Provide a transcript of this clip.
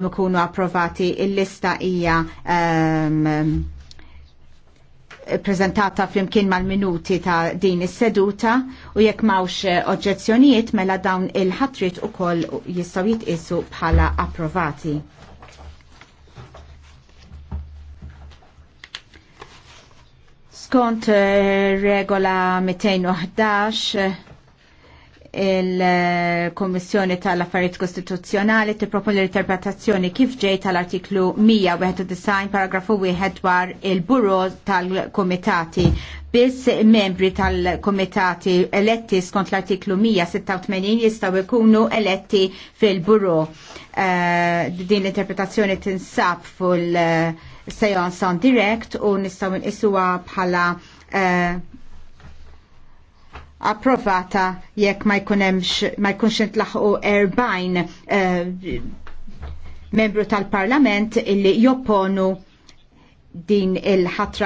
ikunu approvati il-lista hija um, prezentata flimkien mal-minuti ta' din is-seduta u jekk mawx oġġezzjonijiet mela dawn il-ħatrit ukoll jistgħu jitqisu bħala approvati. Skont eh, regola 211 il-Kommissjoni tal-Affarijiet Kostituzzjonali tipproponi l-interpretazzjoni kif ġej tal-artiklu 191 paragrafu 1 dwar il-Buro tal-Komitati biss membri tal-Komitati eletti skont l-artiklu 186 jistgħu jkunu eletti fil-Buro. Uh, din l-interpretazzjoni tinsab fil-Sejon eh, Sound Direct u nistgħu nqisuha bħala uh, approvata jekk ma jkunemx ma jkunx intlaħqu erbajn eh, membru tal-Parlament illi jopponu din il-ħatra